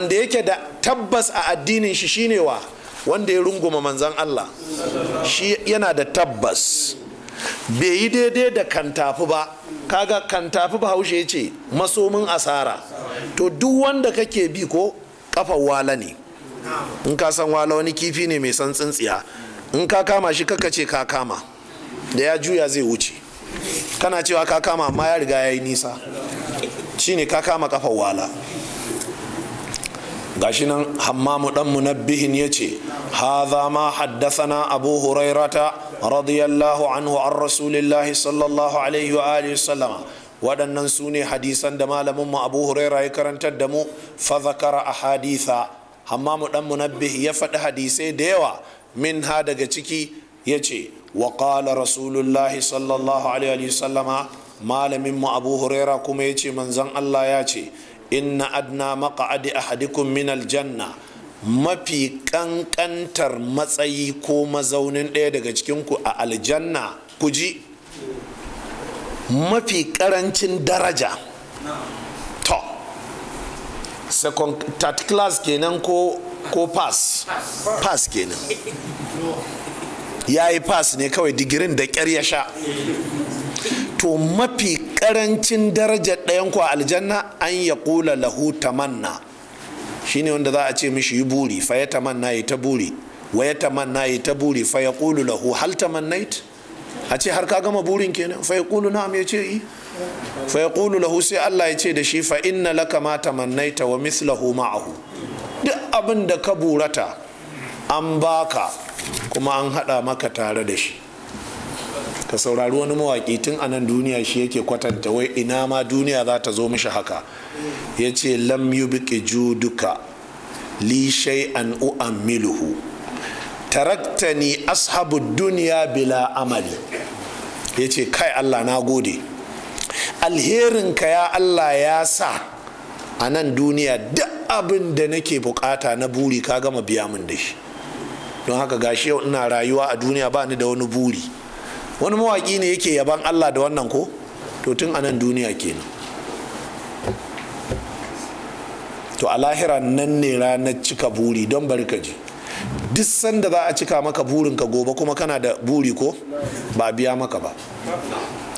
Wanda yake da tabbas a addinin shi shine wa wanda ya runguma manzan Allah shi yana da tabbas bai yi daidai da kantafi ba kaga kantafi bahaushe haushe ce masomin asara to duk wanda kake bi ko kafa wala ne in ka san wala wani kifi ne mai san tsintsiya in ka kama shi kaka ce ka kama da ya juya zai wuce kana cewa ka kama amma ya riga ya yi nisa shine ka kama kafar wala gashi nan hammamu dan munabbihin ya ce haza ma haddasana abu hurairata radiyallahu anhu an rasulillahi sallallahu alaihi wa alihi sallama waɗannan su ne hadisan da malamin mu abu huraira ya karantar da mu fa zakara ahaditha hammamu dan munabbih ya faɗi hadisai da yawa min ha daga ciki ya ce wa qala rasulullahi sallallahu alaihi wa sallama malamin mu abu huraira kuma ya ce manzon Allah ya ce inna adna maqa'adi ahadikum min aljanna mafi kankantar matsayi ko mazaunin ɗaya daga cikin cikinku a aljanna ku ji mafi karancin daraja to second third class kenan ko ko pass pass kenan ya yi pass ne kawai digirin da ƙyar ya sha to mafi karancin daraja ɗayan ku a aljanna an ya kula lahu tamanna shine wanda za a ce mishi yi buri fa ya tamanna ya ta buri wa ya tamanna ya ta buri fa ya kulu lahu hal tamannait a ce har ka gama burin kenan fa ya kulu na'am ya ce yi eh. fa ya kulu lahu sai Allah ya ce da shi fa inna laka ma tamannaita wa mislahu ma'ahu duk abin da ka burata an baka kuma an haɗa maka tare da shi ka saurari wani mawaƙi tun a nan duniya shi yake kwatanta wai ina ma duniya za ta zo mishi haka ya ce lam Lishai an li miluhu. Tarakta taraktani ashabu duniya bila amali ya ce kai allah na gode alherinka ya allah ya sa a nan duniya duk abin da nake bukata na buri ka gama biya min da shi don haka gashi yau ina rayuwa a duniya ba ni da wani buri wani mawaƙi ne yake yaban allah da wannan ko to tun a nan duniya kenan to a lahira nan ne ranar cika buri don bari ka ji duk sanda za a cika maka burin ka gobe kuma kana da buri ko ba biya maka ba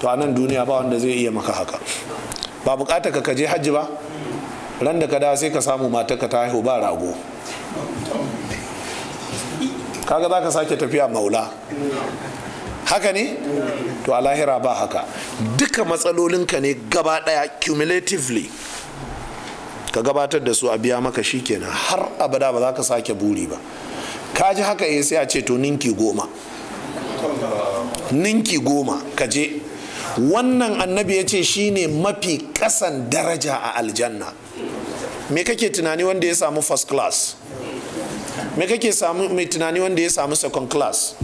to a nan duniya ba wanda zai iya maka haka ba bukata ka kaje hajji ba ran da ka da sai ka samu matarka ta haihu ba rago kaga za ka sake tafiya maula haka ne to a lahira ba haka duka matsalolinka ne gaba daya cumulatively ka gabatar da su a biya maka shi kenan har abada ba za ka sake buri ba ka ji haka eh sai a ce to ninki goma ninki goma ka je wannan annabi ya ce shine mafi kasan daraja a aljanna me kake tunani wanda ya samu first class me kake mai tunani wanda ya samu second class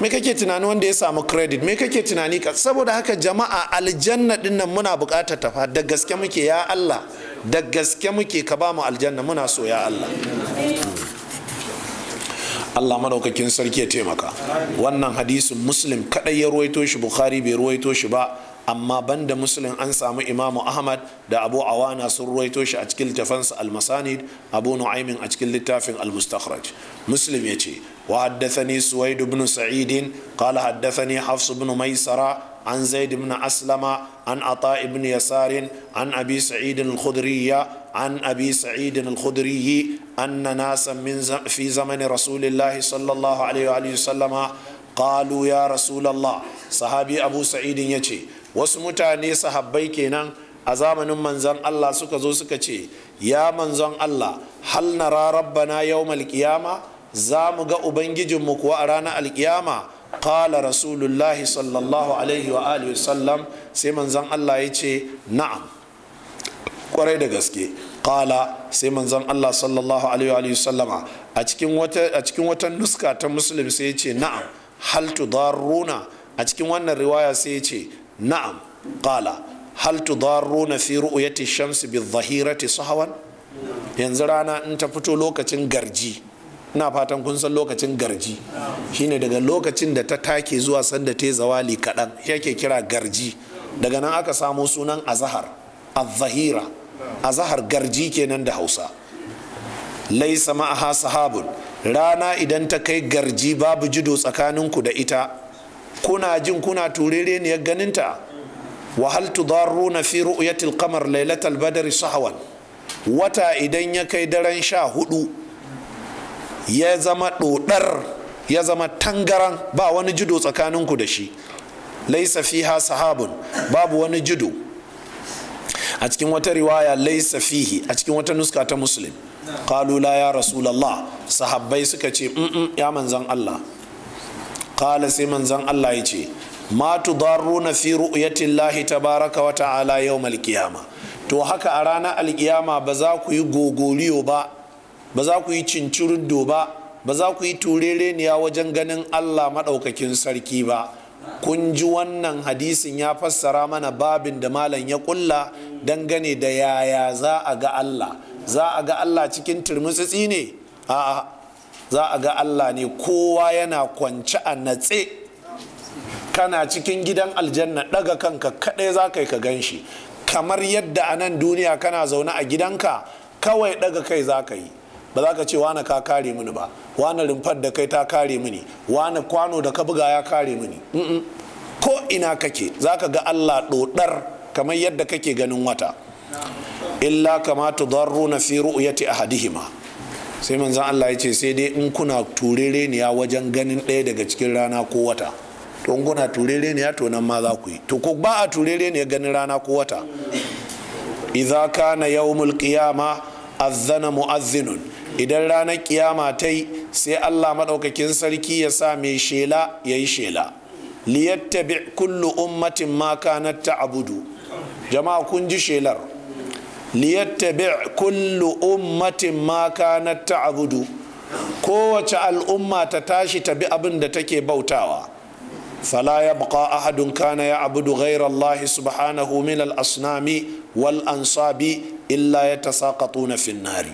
me kake tunani wanda ya samu credit me kake tunani ka saboda haka jama'a aljanna dinnan muna bukatar tafa da gaske muke ya Allah da gaske muke ka ba mu aljanna muna so ya Allah Allah madaukakin sarki ya taimaka wannan hadisin muslim kadai ya ruwaito shi bukhari bai ruwaito shi ba amma banda muslim an samu imamu ahmad da abu awana sun ruwaito shi a cikin littafansa almasanid abu nu'aimin a cikin littafin almustakhraj muslim ya ce wa haddathani suwaid ibn sa'idin qala haddathani hafs ibn maisara an zaid ibn aslama an ata ibn yasarin an abi sa'id al an عن أبي سعيد الخدري أن ناسا من زم في زمن رسول الله صلى الله عليه وآله وسلم قالوا يا رسول الله صحابي سعيد يجي wasu mutane sahabbai kenan a zamanin manzon Allah suka zo suka ce ya manzon Allah hal nara rabbana yawmal qiyama za mu ga ubangijinmu kuwa a ranar alkiyama qala rasulullahi sallallahu alaihi wa alihi sallam sai manzon Allah ya ce na'am kwarai da gaske kala sai manzon Allah sallallahu alaihi wa alihi sallama a cikin wata nuska ta musulmi sai ya ce na'am hal tudarruna a cikin wannan riwaya sai ya ce na'am kala hal na fi ru'yati shamsi bidh-dhahirati sahawan yanzu rana in ta fito lokacin garji ina fatan kun san lokacin garji shine daga lokacin da ta take zuwa sanda ta zawali kaɗan yake kira garji daga nan aka samo sunan azahar azahira azahar garji kenan da hausa laisa ma'aha sahabun rana idan ta kai garji babu jido tsakaninku da ita kuna jin kuna turere ne ganinta wa hal na fi ru'yatil qamar lailatal badri sahwan wata idan ya kai daren sha hudu ya zama dodar ya zama tangaran ba wani judo tsakaninku da shi laisa fiha sahabun babu wani jido a cikin wata riwaya laisa fihi a cikin wata nuska ta muslim kalula la ya rasulallah sahabbai suka ce ya manzan allah qala sai manzon Allah ya ce ma tudarruna fi ta baraka wa ta'ala yau qiyama to haka a ranar alkiyama ba za ku yi gogoliyo ba ba za ku yi cinciruddo ba ba za ku yi turereniya wajen ganin Allah maɗaukakin sarki ba kun ji wannan hadisin ya fassara mana babin da malam ya kulla dangane da yaya za a ga Allah za a ga Allah cikin turmutsitsi ne a'a za a ga allah ne kowa yana kwance a natse kana cikin gidan aljanna daga kanka kaɗai za ka yi ka gan shi kamar yadda a nan duniya kana zaune a gidanka kawai daga kai za ka yi ba za ka ce wane ka kare mini ba wane rumfar da kai ta kare mini wane kwano da ka buga ya kare mini ko ina kake za ka ga allah dodar kamar yadda kake ganin wata illa kama tudarru na fi ru'yati ahadihima sai manzan Allah ya ce sai dai in kuna ya wajen ganin ɗaya daga cikin rana ko wata to in kuna ya to nan ma za ku yi to ko ba a turereniya ganin rana ko wata idza kana yawmul qiyama azzana mu'azzinun idan ranar kiyama ta yi sai Allah maɗaukakin sarki ya sa mai shela ya yi shela liyattabi kullu ummatin ma kanat ta'budu jama'a kun ji shelar bi kullu ummatin ma kanat ta'budu kowace al'umma ta tashi ta bi abin da take bautawa fala yabqa ahadun kana ya'budu ghayra Allah subhanahu min al-asnami wal ansabi illa yatasaqatuna fin nari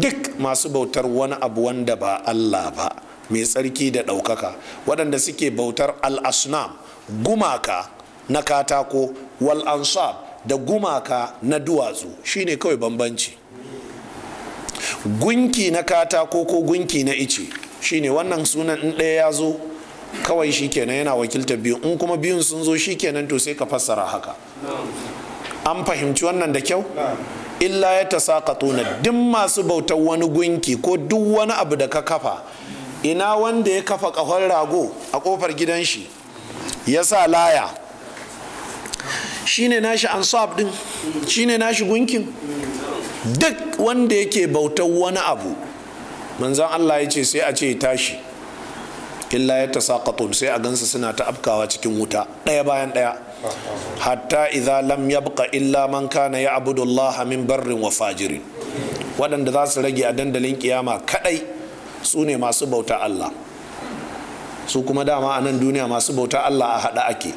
duk masu bautar wani abu wanda ba Allah ba mai tsarki da ɗaukaka waɗanda suke bautar al-asnam gumaka na katako wal ansab da gumaka na duwatsu shine kawai bambanci gunki na katako ko gunki na ice shine wannan sunan in ɗaya ya zo kawai shikenan yana wakiltar biyu in kuma biyun sun zo shikenan to sai ka fassara haka an fahimci wannan da kyau illa ya ta tona duk masu bautar wani gunki ko duk wani abu da ka kafa ina wanda ya kafa ƙahon rago a ƙofar gidan shi ya sa laya shine nashi ansab din shine nashi gunkin duk wanda yake bautar wani abu manzan Allah ya ce sai a ce tashi illa ya ta sai a gansa suna ta afkawa cikin wuta ɗaya bayan ɗaya hatta idza lam yabqa illa man kana ya abudullaha min barrin wa fajirin waɗanda za su rage a dandalin kiyama kaɗai su ne masu bauta Allah su kuma dama a nan duniya masu bauta Allah a haɗa ake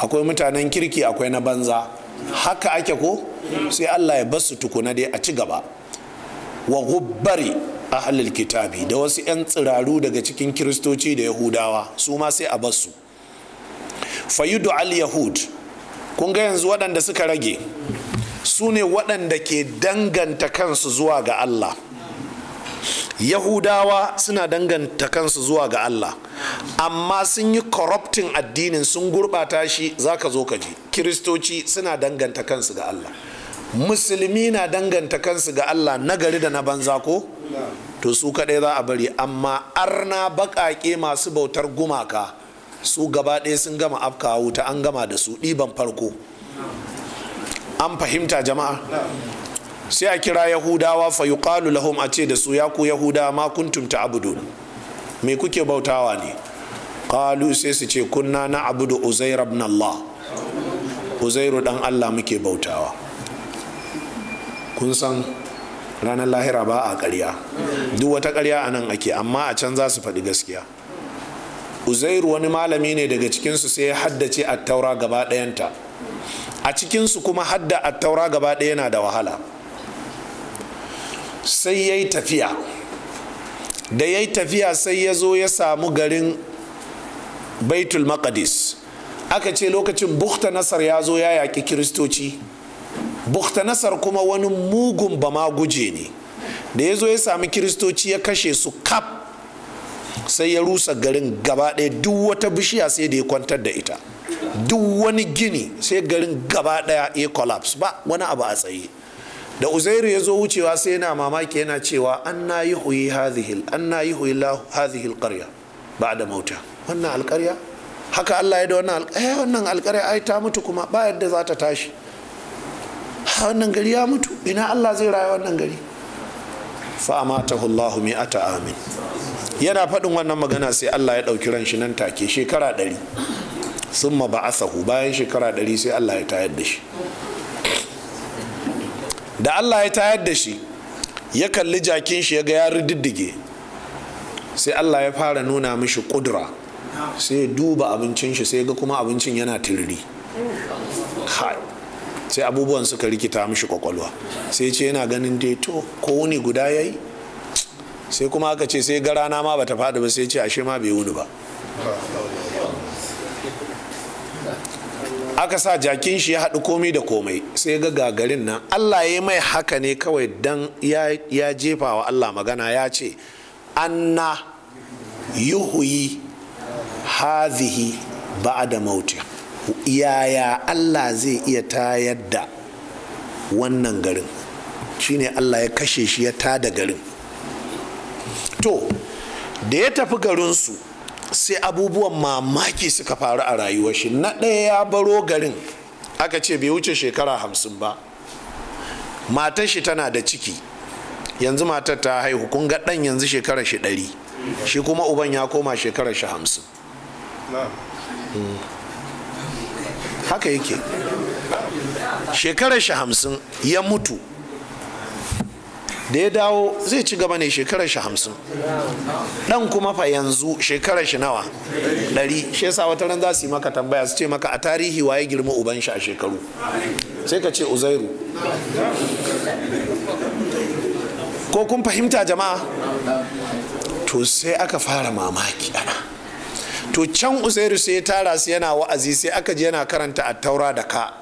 akwai mutanen kirki akwai na banza haka ake ko sai allah ya basu tukuna dai a ci gaba wa gubbari halil kitabi da wasu 'yan tsiraru daga cikin kiristoci da yahudawa su ma sai a basu fayudu al yahud kun ga yanzu waɗanda suka rage su ne waɗanda ke danganta kansu zuwa ga allah yahudawa suna danganta kansu zuwa ga allah amma sun yi corrupting addinin sun gurɓata shi zaka zo ka ji kiristoci suna danganta kansu ga allah musulmi na danganta kansu ga allah nagari da na banza ko to su kaɗai za a bari amma arna baƙaƙe masu bautar gumaka su gaba ɗaya sun gama afka wuta an gama da su ɗiban farko an fahimta jama'a sai a kira yahudawa fa yuqalu lahum a ce da su ya ku yahuda ma kuntum Abudu? me kuke bautawa ne qalu sai su ce kunna na abudu uzair ibn allah uzairu dan allah muke bautawa kun san ranar lahira ba a ƙarya duk wata karya a nan ake amma a can za su faɗi gaskiya uzairu wani malami ne daga cikinsu sai ya haddace attaura gaba ɗayanta a cikinsu kuma hadda attaura gaba ɗaya yana da wahala sai ya yi tafiya da ya yi tafiya sai ya zo ya samu garin baitul maqadis aka ce lokacin bukta nasar ya zo ya yaƙi kiristoci bukta nasar kuma wani mugun ba ma guje ne da ya zo ya sami kiristoci ya kashe su kaf sai ya rusa garin gaba ɗaya duk wata bishiya sai da ya kwantar da ita duk wani gini sai garin gaba ɗaya ya collapse ba wani abu a tsaye da uzairu ya zo wucewa sai yana mamaki yana cewa an na yi huyi hazihil an na yi huyi hazihil karya ba da mauta wannan alkarya haka allah ya da wannan alkarya eh, wannan alkarya ai ta mutu kuma ba yadda za ta tashi wannan gari ya mutu ina allah zai raya wannan gari fa amatahu allah mi'ata amin yana faɗin wannan magana sai allah ya ɗauki ran shi nan take shekara ɗari sun ma ba'asahu bayan shekara ɗari sai allah ya tayar da shi da allah ya tayar da shi ya kalli jakin shi ya ga ya diddige sai allah ya fara nuna mishi kudura sai ya duba abincin shi sai ga kuma abincin yana tiriri sai abubuwan suka rikita mishi kwakwalwa sai ce yana ganin deto ko wuni guda ya yi sai kuma aka ce sai ga rana ma bata faɗi ba sai ce ashe ma bai wuni ba aka sa jakin shi ya haɗu komai da komai sai ga gagarin nan allah ya mai haka ne kawai dan ya jefa wa allah magana ya ce anna yuhuyi hazihi da mauti yaya allah zai iya tayar da wannan garin shine allah ya kashe shi ya tada garin to da ya tafi garinsu sai abubuwan mamaki suka faru a rayuwar shi na ɗaya ya baro garin aka ce bai wuce shekara hamsin ba matar shi tana da ciki yanzu matar ta haihu kun ga ɗan yanzu shekara shi ɗari shi kuma uban ya koma shekara shi hamsin hmm. haka yake shekara shi hamsin ya mutu da ya dawo zai ci gaba ne shekarar shi hamsin dan kuma fa yanzu shekarar shi nawa ɗari shi yasa wata ran za su yi maka tambaya su ce maka a tarihi waye girma uban shi a shekaru sai ka ce uzairu ko kun fahimta jama'a to sai aka fara mamaki ana to can uzairu sai ya tara su yana wa'azi sai aka ji yana karanta a taura da ka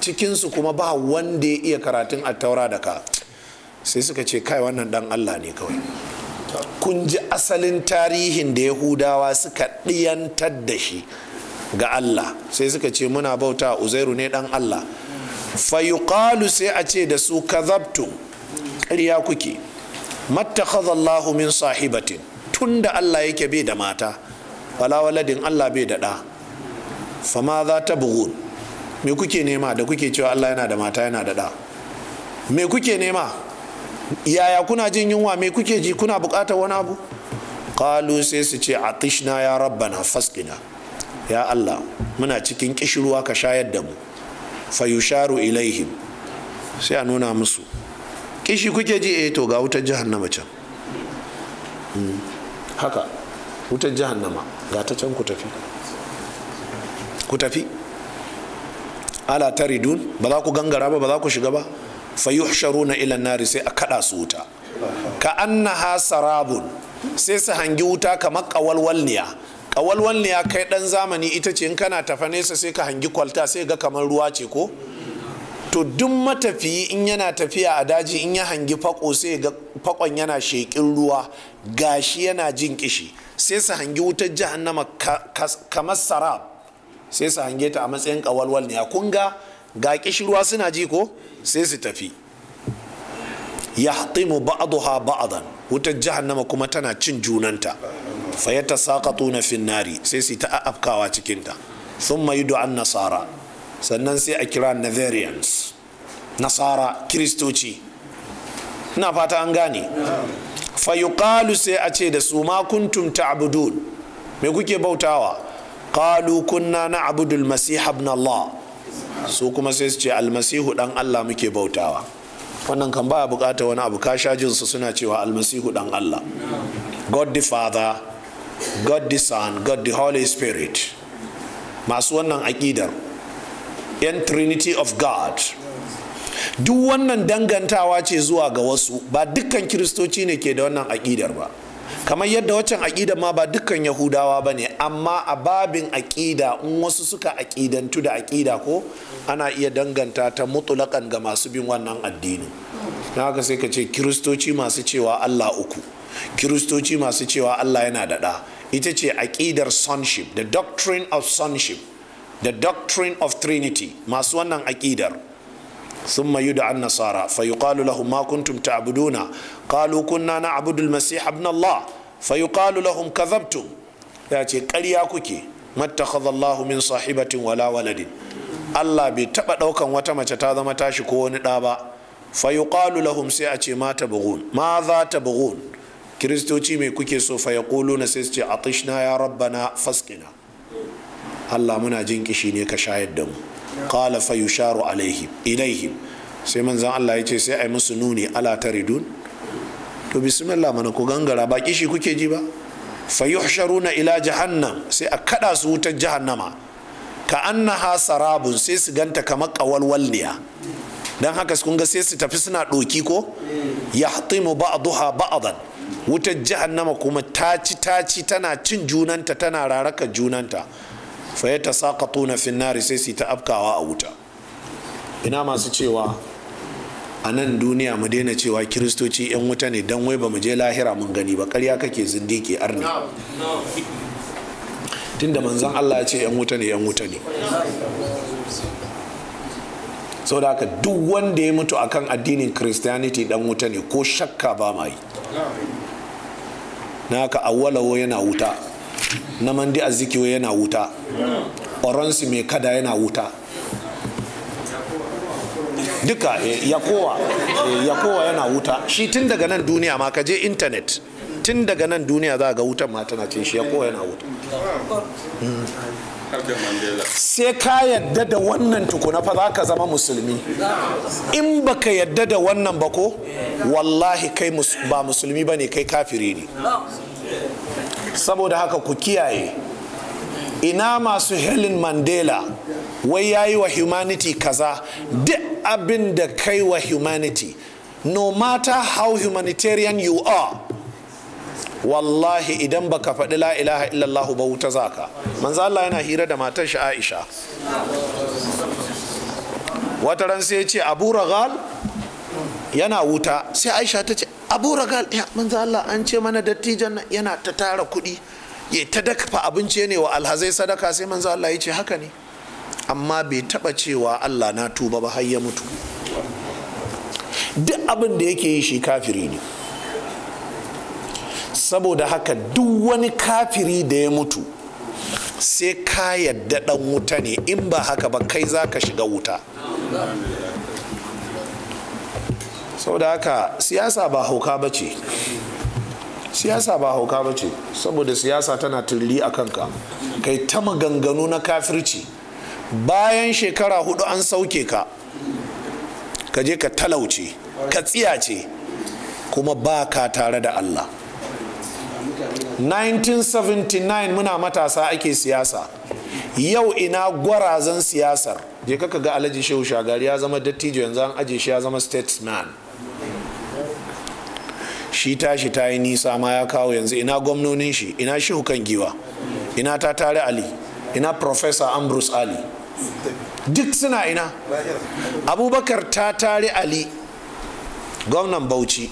cikinsu kuma ba wanda ya iya karatun a taura da ka sai suka ce kai wannan dan allah ne kawai kun ji asalin tarihin da yahudawa suka ɗiyantar da shi ga allah sai suka ce muna bauta uzairu ne dan allah fayuqalu sai a ce da su kazabtum ƙarya kuke mattakhadallahu min sahibatin da allah yake bai da mata wala waladin allah bai da ɗa fama za ta bugun me kuke nema da kuke cewa allah yana da mata yana da ɗa me kuke nema yaya kuna jin yunwa me kuke ji kuna bukatar wani abu kalu sai su ce a tishna ya rabbana fasqina ya Allah muna cikin kishirwa ka shayar da mu fayusharu ilaihim sai a nuna musu kishi kuke ji eh to ga wutar jahannama can hmm. haka wutar jahannama ga ta can ku tafi ku tafi ala taridun ba za ku gangara ba ba za ku shiga ba fayuhsharuna ila nari sai a kaɗa su wuta ka annaha sarabun sai su hangi wuta kamar kawalwalniya kawalwalniya kai ɗan zamani ita ce in kana tafa nesa sai ka hangi kwalta sai ga kamar ruwa ce ko to duk matafiyi in yana tafiya a daji in ya hangi fako sai ga fakon yana sheƙin ruwa gashi yana jin kishi sai su hangi wutar jahannama kamar sarab sai su hange ta a matsayin kawalwalniya kun ga ga kishi ruwa suna ji ko sai su tafi Ya ba'adu ha ba'adan. wutar jahannama kuma tana cin junanta fayata saƙa fin finnari. sai su ta afkawa cikin ta thumma du'an nasara sannan sai a kira nazarians nasara kiristoci ina fata an gane fayuqalu sai a ce da su ma kuntum abudu me kuke bautawa Ƙalu, kunna na abudul masih ibn allah su kuma sai su ce almasihu dan Allah muke bautawa wannan kan ba bukata wani abu kasha jinsu suna cewa almasihu dan Allah God the Father God the Son God the Holy Spirit masu wannan aƙidar yan Trinity of God duk wannan dangantawa ce zuwa ga wasu ba dukkan kiristoci ne ke da wannan aƙidar ba kamar yadda waccan aƙida ma ba dukkan yahudawa ba ne amma a babin aƙida in wasu suka aƙidantu da aƙida ko ana iya danganta ta mutulakan ga masu bin wannan addini na haka sai ka ce kiristoci masu cewa allah uku kiristoci masu cewa allah yana daɗa. ita ce aƙidar sonship the doctrine of sonship the doctrine of trinity masu wannan aƙidar ثم يدعى النصارى فيقال لهم ما كنتم تعبدون قالوا كنا نعبد المسيح ابن الله فيقال لهم كذبتم ياتي قريا كوكي ما اتخذ الله من صاحبة ولا ولد الله بي تبا دوكان وتا مace ta zama tashi ko wani da ba fayuqalu lahum sai a ce ma tabghun ta za kiristoci mai kuke so fa yaquluna sai su ce atishna ya rabbana fasqina Allah muna jin ne ka shayar da mu kala fa yusharu alaihim ilaihim sai zan Allah ya ce sai a musu nuni ala ridun to bismillah mana ku gangara ba kishi kuke ji ba fa na ila jahannam sai a kada su wutar jahannama ka annaha sarabun sai su ganta kamar kawalwalniya dan haka kun ga sai su tafi suna doki ko yahtimu ba'daha ba'dan wutar jahannama kuma taci taci tana cin junanta tana raraka junanta fayyata ta tasaqatuna fin nari sai su ta afkawa a wuta ina masu cewa a nan duniya mu daina cewa kiristoci yan wuta ne don wai ba mu je lahira mun gani ba karya kake zindiki arna. tunda manzon Allah ya ce yan wuta ne yan wuta ne Sau da haka duk wanda ya mutu akan addinin christianity dan wuta ne ko shakka ba ma yi na haka awwalawo yana wuta na mandi azikiwe yana wuta oransi mai kada yana wuta duka eh, yakowa eh, yakowa yana wuta shi tun daga nan duniya ma ka je intanet tun daga nan duniya za ga wutan ma tana cin shi yakowa yana wuta sai ka yadda da wannan tukuna fa za ka zama musulmi in baka yadda da wannan bako, wallahi kai ba musulmi ba ne kai kafiri ne saboda haka ku kiyaye ina masu helen mandela wai ya yi wa humanity kaza duk abin da kai wa humanity no matter how humanitarian you are wallahi idan baka faɗi la ilaha illallah ba wuta zaka manzo Allah yana hira da matar shi Aisha wata ran sai ya ce Abu ragal yana wuta sai aisha ta ce abu ragal ya manzo Allah an ce mana dattijan yana ta tara kuɗi ya ta dakfa abinci ne wa alhazai sadaka sai manzo Allah ya ce haka ne amma bai taba cewa Allah na tuba ba har ya mutu duk abin da yake yi shi kafiri ne saboda haka duk wani kafiri da ya mutu sai ka yadda dan wuta ne in ba haka ba kai za ka shiga wuta saboda haka siyasa ba hauka ba ce siyasa ba hauka ba ce saboda siyasa tana turli a kanka kai ta maganganu na kafirci bayan shekara hudu an sauke ka ka je ka talauce ka tsiyace kuma ba ka tare da allah 1979 muna matasa ake siyasa yau ina gwarazan siyasar je kaka ga alhaji shehu shagari ya zama dattijo yanzu an aje shi ya zama statesman shi tashi ta yi nisa ma ya kawo yanzu ina gwamnonin shi ina shehu kan giwa ina ta tare ali ina professor ambrose ali duk suna ina abubakar ta tare ali gwamnan bauchi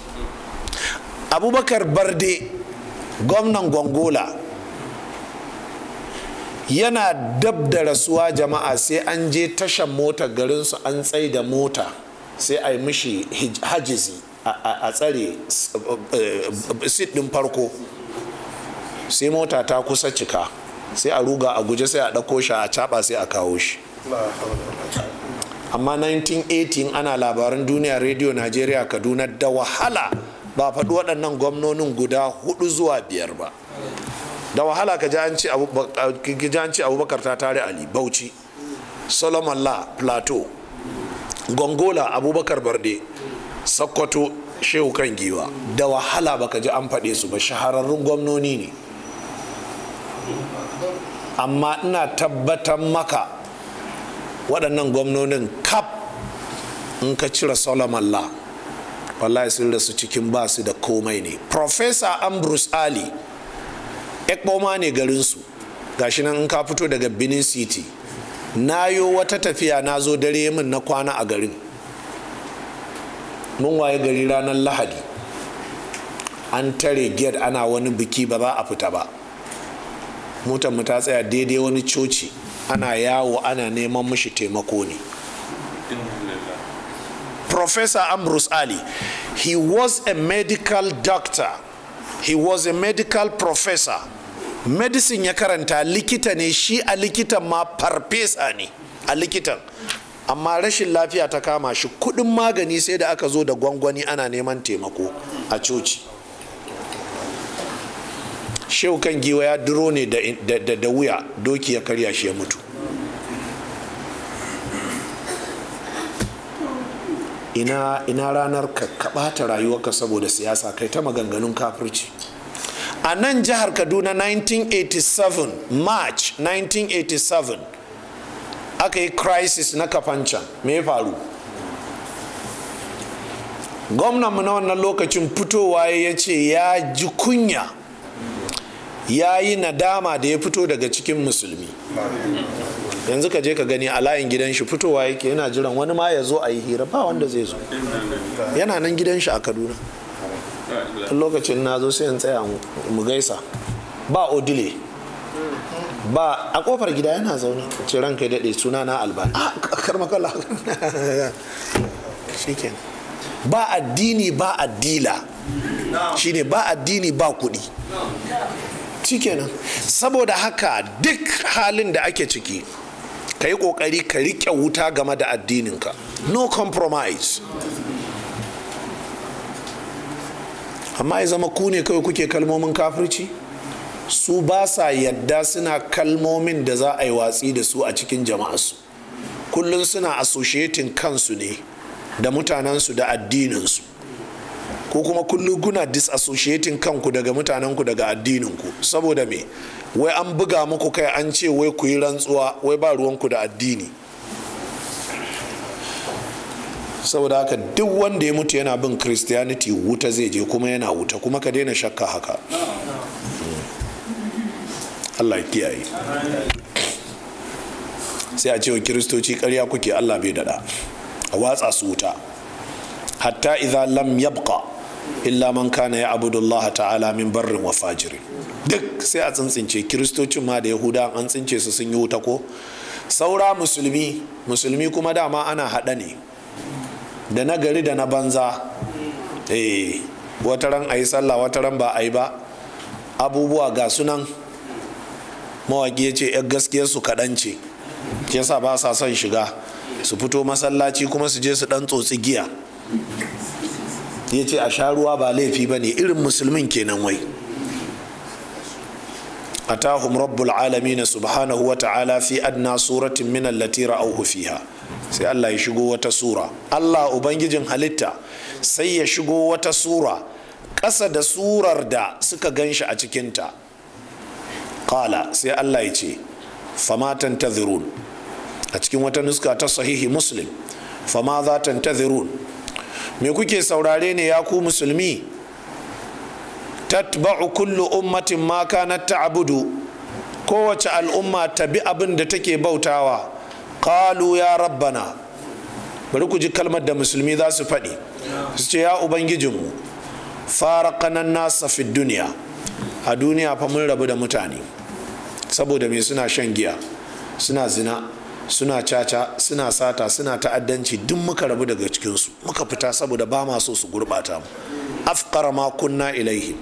abubakar barde gwamnan gongola yana dab da rasuwa jama'a sai an je tashan mota garinsu an tsai da mota sai a yi mishi hajizi a tsare eh, sit din farko sai mota ta kusa cika sai a ruga a guje sai a ɗauko shi a caɓa sai a kawo shi amma 1980 ana labaran duniya rediyo najeriya kaduna da wahala ba faɗi waɗannan gwamnonin guda hudu zuwa biyar ba da wahala ka ji abubakar ta tare ali bauchi solomon la plateau gongola abubakar barde sakkwato shehu kan giwa da wahala baka ji an faɗe su ba shahararrun gwamnoni ne amma ina tabbatar maka waɗannan gwamnonin kap in ka cire solomon la wallahi sun su cikin basu da komai ne professor ambrose ali ekpoma ne garinsu gashi nan in ka fito daga benin city na yo wata tafiya na zo dare min na kwana a garin mun waye gari ranar lahadi an tare giyar ana wani biki ba za a fita ba motar mu ta tsaya daidai wani coci ana yawo ana neman mishi taimako ne professor ambrose ali he was a medical doctor he was a medical professor medicine ya karanta likita ne shi a likitan ma farfesa ne a likitan amma rashin lafiya ta kama shi kudin magani sai da aka zo da gwangwani ana neman taimako a coci shehu kan giwa ya duro ne da wuya doki ya karya shi ya mutu ina, ranar ka kaɓata rayuwarka saboda siyasa kai ta maganganun kafirci a nan jihar kaduna 1987 march 1987 aka yi crisis na kafancan me ya faru gwamnanmu na wannan lokacin fitowa ya ce ya ji kunya ya yi nadama da ya fito daga cikin musulmi yanzu ka je ka gani a layin gidan shi fitowa yake yana jiran wani ma ya zo a yi hira ba wanda zai zo yana nan gidan shi a kaduna lokacin na zo sai in tsaya mu gaisa ba odile ba a kofar gida yana zaune ce ran kai daɗe suna na albani ah, a ba addini ba addila shine ba addini ba kuɗi shikenan saboda haka duk halin da ake ciki ka yi ƙoƙari ka riƙe wuta game da addininka no compromise amma ya zama ku ne kawai kuke kalmomin kafirci su ba sa yadda suna kalmomin da za a yi watsi da su a cikin jama'arsu kullum suna asoshetin kansu ne da mutanensu da addininsu ko kuma kullum kuna disassociating kanku daga mutanenku daga addininku saboda me wai an buga muku kai an ce wai ku yi rantsuwa wai ba ruwanku da addini saboda haka duk wanda ya mutu yana bin christianity wuta zai je kuma yana wuta kuma ka daina shakka haka Allah ya kiyaye sai a cewa kiristoci karya kuke Allah bai daɗa a watsa su wuta hatta idza lam yabqa illa man kana ya abudullah ta'ala min barrin wa fajiri duk sai a tsintsince kiristocin ma da yahuda an tsince su sun yi wuta ko saura musulmi musulmi kuma dama ana haɗa ne da na gari da na banza eh wataran a yi sallah wataran ba a yi ba abubuwa ga sunan mawaƙi ya ce yan gaskiyar su kaɗan ce yasa ba sa son shiga su fito masallaci kuma su je su ɗan tsotsi giya ya ce a sha ruwa ba laifi ba ne irin musulmin kenan wai atahum rabbul alamin subhanahu wa ta'ala fi adna suratin min allati ra'awhu fiha sai Allah ya shigo wata sura Allah ubangijin halitta sai ya shigo wata sura ƙasa da surar da suka ganshi a cikinta qala sai Allah ya ce fama tantazirun a cikin wata nuska ta sahihi muslim fama za tantazirun me kuke saurare ne ya ku musulmi tatba'u kullu ummatin ma kanat ta'budu kowace al'umma ta bi abin da take bautawa qalu ya rabbana bari ku ji kalmar da musulmi za su faɗi su ce ya ubangijinmu kanan nasa fi duniya a duniya fa mun rabu da mutane saboda me suna shan giya suna zina suna caca suna sata suna ta'addanci duk muka rabu daga cikinsu muka fita saboda ba ma so su gurɓata mu afqara ma kunna ilaihi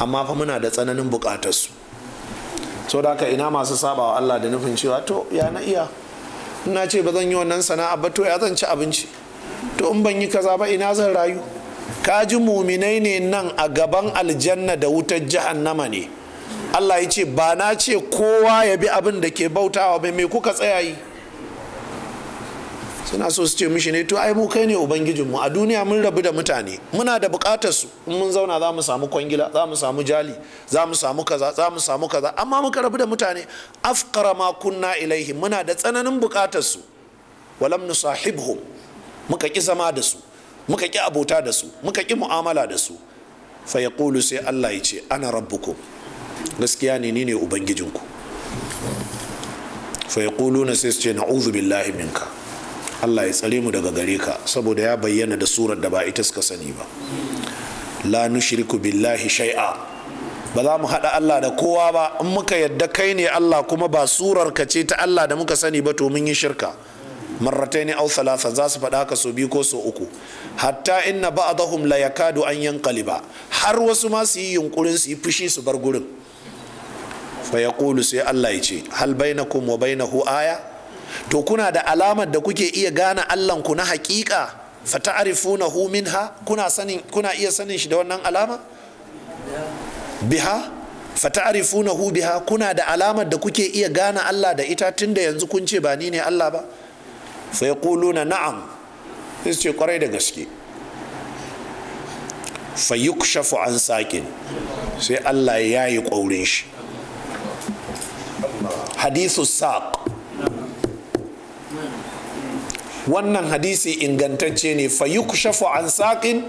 amma fa muna da tsananin buƙatarsu so da haka ina masu sabawa Allah da nufin cewa to ya na iya ina ce ba zan yi wannan sana'a ba to ya zan ci abinci to in ban yi kaza ba ina zan rayu Ka ji muminai ne nan a gaban aljanna da wutar jahannama ne Allah ya ce ba na ce kowa ya bi abin da ke bautawa bai mai kuka tsaya yi suna so su ce mishi ne to ai mu kai ne ubangijinmu a duniya mun rabu da mutane muna da bukatar su in mun zauna za mu samu kwangila za mu samu jali za mu samu kaza za mu samu kaza amma muka rabu da mutane afqara ma kunna ilaihi muna da tsananin bukatar su walam nusahibhum muka ki zama da su muka ki abota da su muka ki mu'amala da su fa yaqulu sai Allah ya ce ana rabbukum gaskiya ne ni ne ubangijinku fa na sai su ce na'udhu billahi minka Allah ya tsare mu daga gare ka saboda ya bayyana da surar da ba ita suka sani ba la nushriku billahi shai'a ba za mu haɗa Allah da kowa ba in muka yadda kai ne Allah kuma ba surar ka ce ta Allah da muka sani ba to mun yi shirka marratai ne au salasa za su faɗa ka so biyu ko so uku hatta inna ba'dahum la yakadu an yankali ba. har wasu ma su yi yunkurin su yi fushi su bar gurin fa kulu sai Allah ya ce hal bainakum wa bainahu aya to kuna da alamar da kuke iya gane Allahn ku na hakika fa hu minha kuna sanin kuna iya sanin shi da wannan alama biha fa hu biha kuna da alamar da kuke iya gane Allah da ita tunda yanzu kun ce ba ni ne Allah ba fa yaquluna na'am sai ce kwarai da gaske fa yukshafu an sakin sai Allah ya yi ƙaurin shi hadisu saq wannan hadisi ingantacce ne fa shafu an saqin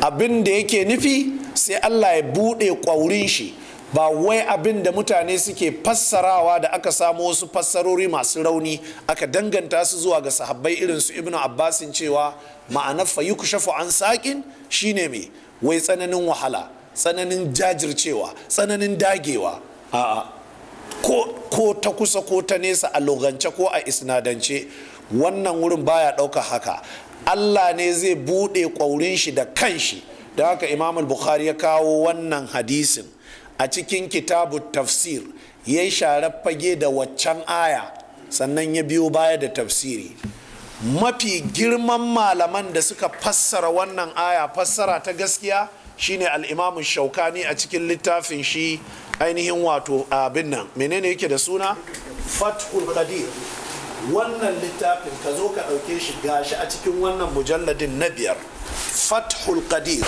abin da yake nufi sai Allah ya buɗe ƙwaurin shi ba wai abin da mutane suke fassarawa da aka samo wasu fassarori masu rauni aka danganta su zuwa ga sahabbai irin su ibnu abbasin cewa ma'ana fa shafu an saqin shine mai wai tsananin wahala tsananin jajircewa tsananin dagewa a'a ko ta kusa ko ta nesa a logance ko a isnadance wannan wurin baya ɗauka haka allah ne zai buɗe ƙwaurin shi da kanshi da haka imam bukhari ya kawo wannan hadisin a cikin kitabu tafsir ya yi fage da waccan aya sannan ya biyo baya da tafsiri mafi girman malaman da suka fassara wannan aya fassara ta gaskiya shine al'imamun shaukani a cikin littafin shi ainihin wato abin nan menene yake da suna fathul qadir wannan littafin ka zo ka ɗauke shi gashi a cikin wannan mujalladin na biyar fathul qadir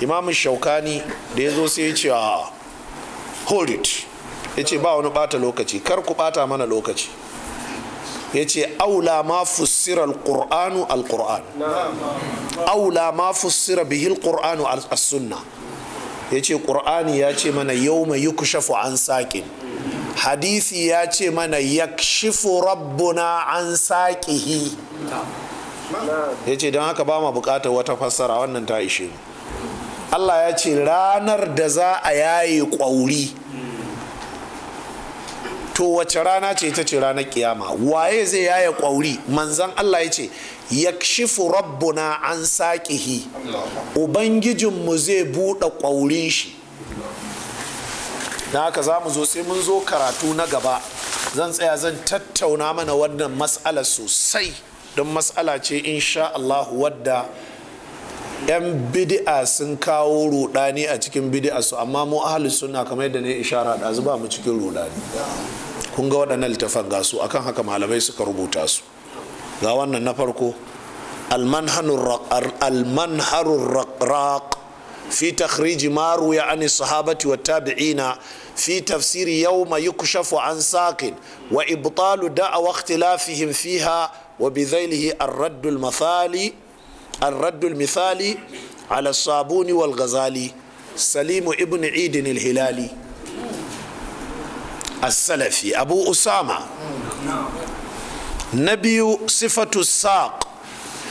imamu shaukani da ya zo sai ya ce hold it ya ce ba wani bata lokaci kar ku bata mana lokaci ya ce aula ma fusira alqur'anu alqur'an aula ma fusira bihil qur'anu as-sunna ya ce ƙur'ani ya ce mana yau mai yi kushafu an saƙin hadisi ya ce mana ya shifu rabbuna an saƙihi ya ce don haka ba ma buƙatar wata fassara wannan ta ishe Allah ya ce ranar da za a yaye ƙwauri to wace rana ce ita ce ranar kiyama waye zai yaye ƙwauri manzan Allah ya ce Rabbu rabbuna an saƙihi ubangijinmu zai buɗe ƙwaurin shi na haka za mu zo sai mun zo karatu na gaba zan tsaya zan tattauna mana wannan matsala sosai don matsala ce insha Allah wadda 'yan bidi'a sun kawo rudani a cikin bidi'a su amma mu ahli suna kamar yadda ne ishara da zuba mu cikin rudani kun ga waɗannan littafan gasu akan haka malamai suka rubuta su ga wannan na farko almanharun raq fi takhriji ma ani sahabati wa tabi'ina fi tafsiri yawma yukshafu an sakin wa ibtalu da'awa ikhtilafihim fiha wa bidhailihi ar-raddul mathali ala sabuni wal salimu ibn idin hilali as-salafi abu usama na biyu sifatu saq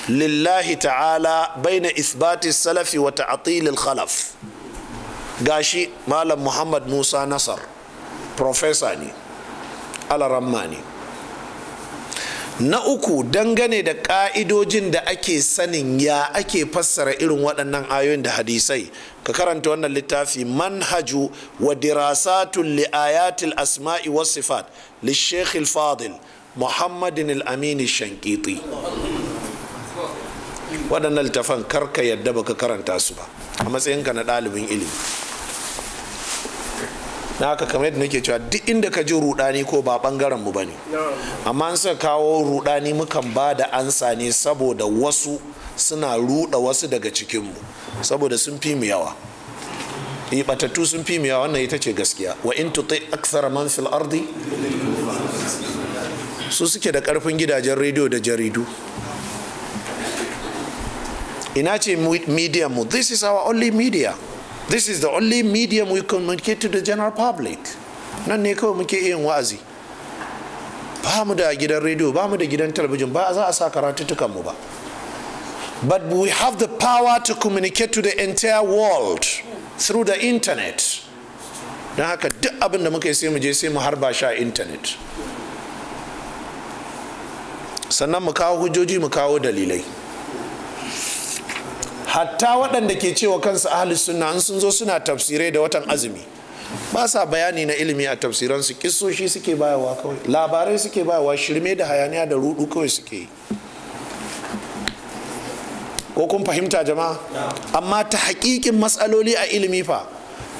lillahi ta'ala baina isbati salafi wa ta'til khalaf gashi malam muhammad musa nasar profesa ne alaramma ne na uku dangane da ƙa'idojin da ake sanin ya ake fassara irin waɗannan ayoyin da hadisai ka karanta wannan littafi manhaju wa dirasatun li ayatil asma'i was sifat li fadil muhammadin al-amini shankiti waɗannan littafan karka yadda baka karanta su ba a matsayinka na ɗalibin ilimi na haka kamar yadda nake cewa duk inda ka ji rudani ko ba bangaren mu ba ne. amma an sa kawo rudani mukan ba da ansa ne saboda wasu suna ruda wasu daga cikinmu saboda sun fi mu yawa batattu eh, sun fi mu yawa wannan ita ce gaskiya wa in tuti aksara man fil ardi su suke da karfin gidajen rediyo da jaridu ina ce media mu this is our only media this is the only medium we communicate to the general public nan ne kawai muke yin wa'azi ba mu da gidan rediyo ba mu da gidan talabijin ba za a sa karatuttukan mu ba but we have the power to communicate to the entire world through the internet don haka duk abin da muka yi sai mu je sai mu harba shi a internet sannan mu kawo hujjoji mu kawo dalilai hatta waɗanda ke cewa kansu ahli sunna an sun zo suna tafsirai da watan azumi ba sa bayani na ilimi a tafsiransu kisoshi suke bayawa kawai labarai suke bayawa shirme da hayaniya da rudu kawai suke yi ko kun fahimta jama'a amma ta hakikin matsaloli a ilimi fa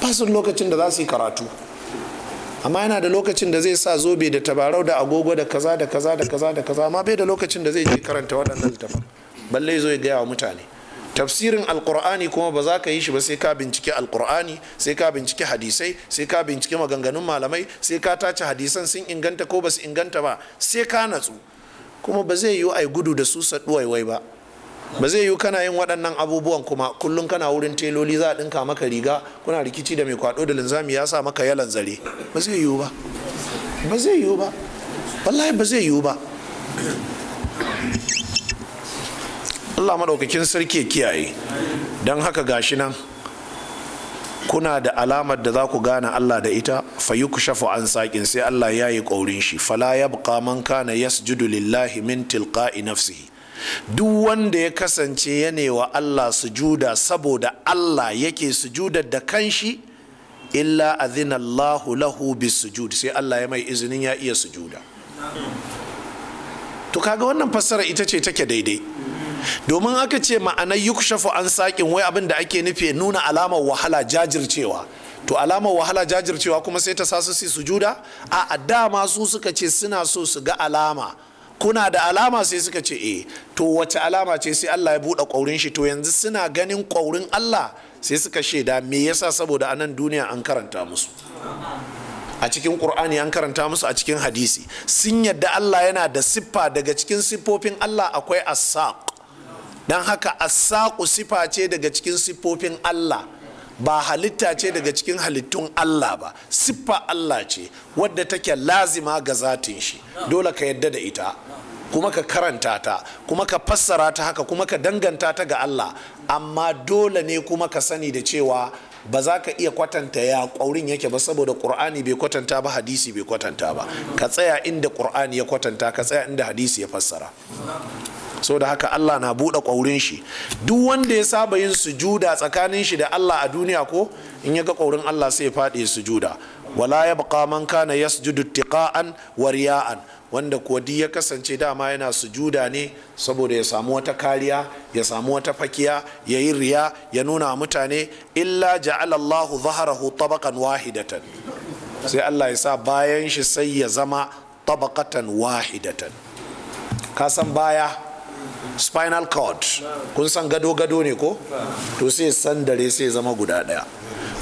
fasin lokacin da za su yi karatu amma yana da lokacin da zai sa zobe da tabarau da agogo da kaza da kaza da kaza da kaza amma bai da lokacin da zai je karanta waɗannan littafan balle zo ya gaya wa mutane tafsirin alkur'ani kuma ba za ka yi shi ba sai ka bincike alkur'ani sai ka bincike hadisai sai ka bincike maganganun malamai sai ka tace hadisan sun inganta ko ba su inganta ba sai ka natsu kuma ba zai yi wa gudu da su wai ba ba zai yiwu kana yin waɗannan abubuwan kuma kullum kana wurin teloli za a ɗinka maka riga kuna rikici da mai kwaɗo da linzami ya sa maka yalan zare ba zai yiwu ba ba zai yiwu ba wallahi ba zai yiwu ba Allah maɗaukakin sarki kiyaye don haka gashi nan kuna da alamar da za ku gane Allah da ita fa shafa an saƙin sai Allah ya yi ƙaurin shi fala yabqa man kana yasjudu lillahi min tilqa'i nafsihi duk wanda ya kasance wa Allah sujuda saboda Allah yake sujuda da kanshi illa azina Allahu lahu bisujud sai Allah ya mai izinin ya iya sujuda to kaga wannan fassara ita ce take daidai domin aka ce ma'anar yukshafu an saƙin wai abin da ake nufi nuna alamar wahala jajircewa to alamar wahala jajircewa kuma sai ta sa su sujuda a dama su suka ce suna so su ga alama kuna da alama sai suka ce eh to wace alama ce sai Allah ya buɗe ƙwaurin shi to yanzu suna ganin ƙaurin Allah sai suka shaida me yasa saboda a nan duniya an karanta musu a cikin ƙur'ani an karanta musu a cikin hadisi sun yadda Allah yana da siffa daga cikin siffofin Allah akwai asaq dan haka asaqu siffa ce daga cikin siffofin Allah ba halitta ce daga cikin halittun Allah ba siffa Allah ce wadda take lazima ga zatin shi dole ka yadda da ita kuma ka karanta ta kuma ka fassara ta haka kuma ka danganta ta ga Allah amma dole ne kuma ka sani da cewa ba za ka iya kwatanta ya ƙaurin yake ba saboda ƙur'ani bai kwatanta ba hadisi bai kwatanta ba ka tsaya inda ƙur'ani ya kwatanta ka tsaya inda hadisi ya fassara so da haka Allah na buɗe ƙaurin shi duk wanda ya saba yin sujuda tsakanin shi da Allah a duniya ko in ya ga ƙwaurin Allah sai ya faɗi sujuda wala ya man kana yasjudu tiqa'an wa riya'an wanda kuwa ya kasance dama yana sujuda ne saboda ya samu wata kariya ya samu wata fakiya ya yi riya ya nuna mutane illa ja'ala Allahu zaharahu tabaqan wahidatan sai Allah ya sa bayan shi sai ya zama tabaqatan wahidatan ka san baya spinal cord kun san gado gado ne ko to sai sandare sai zama guda daya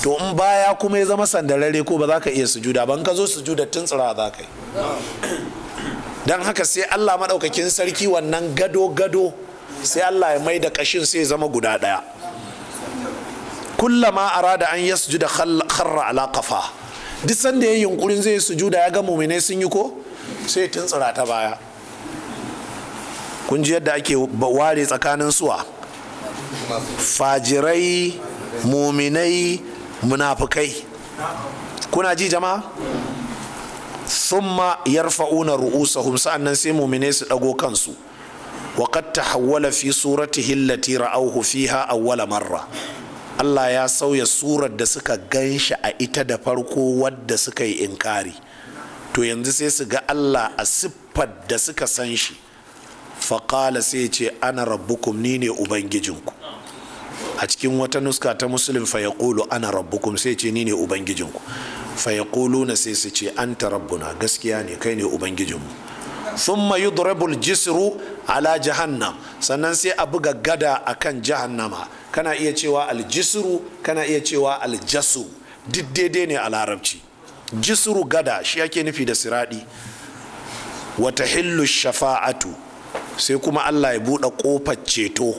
to in baya kuma ya zama sandare ko ba za ka iya sujuda ban ka zo sujuda tun tsira za ka yi don haka sai allah maɗaukakin sarki wannan gado-gado sai allah ya mai da ƙashin sai zama guda ɗaya kullama arada an da kharra ala qafa duk sanda yayin yunkurin zai sujuda ya ga muminai sun yi ko sai tuntsira ta baya kun ji yadda ake ware tsakanin suwa fajirai muminai munafukai kuna ji jama'a thumma yarfa'una ru'usahum sa'annan sai mu'mine su dago kansu wa qad tahawwala fi suratihi allati ra'awhu fiha awwala marra Allah ya sauya surar da suka ganshi a ita da farko wadda suka yi inkari to yanzu sai su ga Allah a siffar da suka san shi faƙala sai ce ana rabbukum ni ne ubangijinku a cikin wata nuska ta musulun fa ya ana rabbukum sai ce ni ne ubangijinku fa na sai su ce anta rabbuna gaskiya ne kai ne ubangijinmu thumma yudrabul jisiru ala jahannam sannan sai a buga gada a akan jahannama kana iya cewa aljisru kana iya cewa aljasu duk daidai ne a larabci Jisiru gada shi yake nufi da siradi wata hillu shafa'atu sai kuma allah ya buɗe ƙofar ceto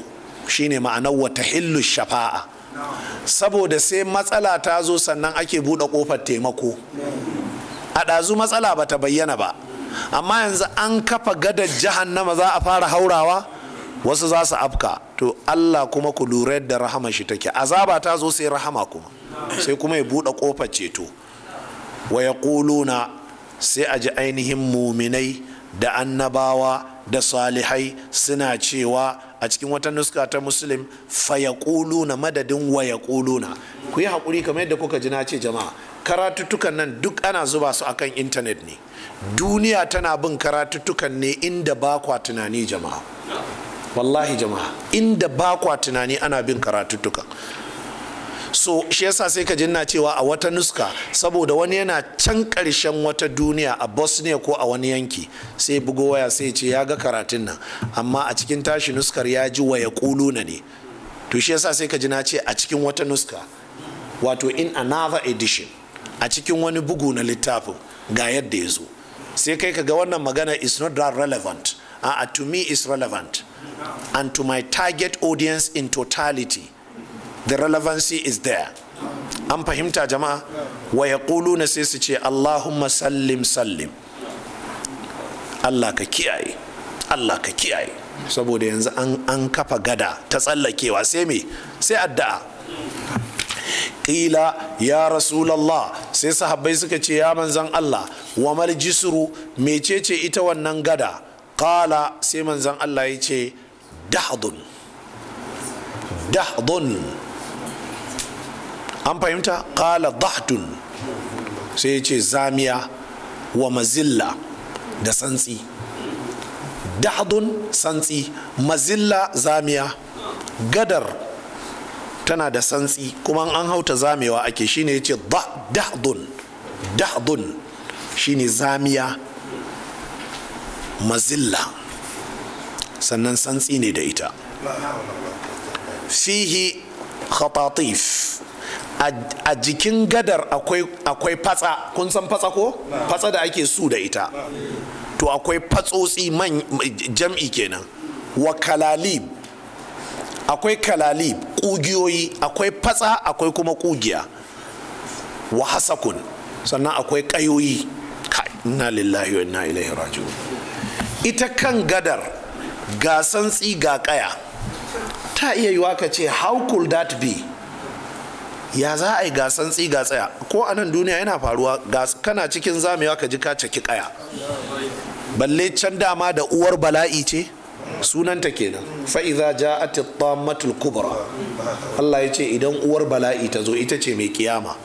shine ma'anar wata hillu shafa'a saboda sai matsala ta zo sannan ake buɗe ƙofar taimako a ɗazu matsala ba ta bayyana ba amma yanzu an kafa gadar jahannama za a fara haurawa wasu za su afka to allah kuma ku lura da rahama shi take azaba ta zo sai rahama kuma sai kuma ya buɗe ƙofar ceto wa ya sai a ji ainihin muminai da annabawa da salihai suna cewa a cikin wata nuska ta muslim na madadin waya yaquluna ku yi haƙuri kamar yadda kuka ji na ce jama'a karatuttukan nan duk ana zuba su akan intanet ne duniya tana bin karatuttukan ne inda ba kwa tunani jama'a wallahi jama'a inda ba kwa tunani ana bin karatuttukan so shi yasa sai ka jinna cewa a wata nuska saboda wani yana can ƙarshen wata duniya a bosnia ko a wani yanki sai bugo waya sai ce ya ga karatun nan amma a cikin tashi nuskar ya ji waya kulu na ne to shi yasa sai ka ji na ce a cikin wata nuska wato in another edition a cikin wani bugu na littafin ga yadda ya zo sai kai ka ga wannan magana is not that relevant a uh, to me is relevant and to my target audience in totality the relevancy is there an fahimta jama'a wa na sai su ce Allahumma sallim sallim Allah ka kiyaye Allah ka kiyaye saboda yanzu an kafa gada ta tsallakewa sai me sai addu'a Ƙila ya rasulallah sai sahabbai suka ce ya manzan Allah wa mal jisru mecece ita wannan gada Ƙala sai manzan Allah ya ce dahdun dahdun an fahimta ƙala dahtun sai ya ce zamiya wa mazilla da santsi dahdun santsi mazilla zamiya gadar tana da santsi kuma an hauta zamewa ake shine ya ce dahdun dahdun shine zamiya mazilla sannan santsi ne da ita fihi khatatif a jikin gadar akwai fatsa kun san fatsa ko fatsa da ake su da ita to akwai fatsotsi man jam'i kenan wa kalalib akwai kalalib kugiyoyi akwai fatsa akwai kuma kugiya wa hasakun sannan akwai kayoyi inna lillahi wa inna ilaihi raji'un ita kan gadar ga santsi ga kaya ta iya yiwa ka ce how could that be ya za a yi gasan tsi ga tsaya ko a nan duniya yana faruwa kana cikin zamewa ka ji ka caki kaya balle can dama da uwar bala'i ce sunanta kenan fa'iza ja'at at-tammatul kubra Allah ya ce idan uwar bala'i ta zo ita ce mai kiyama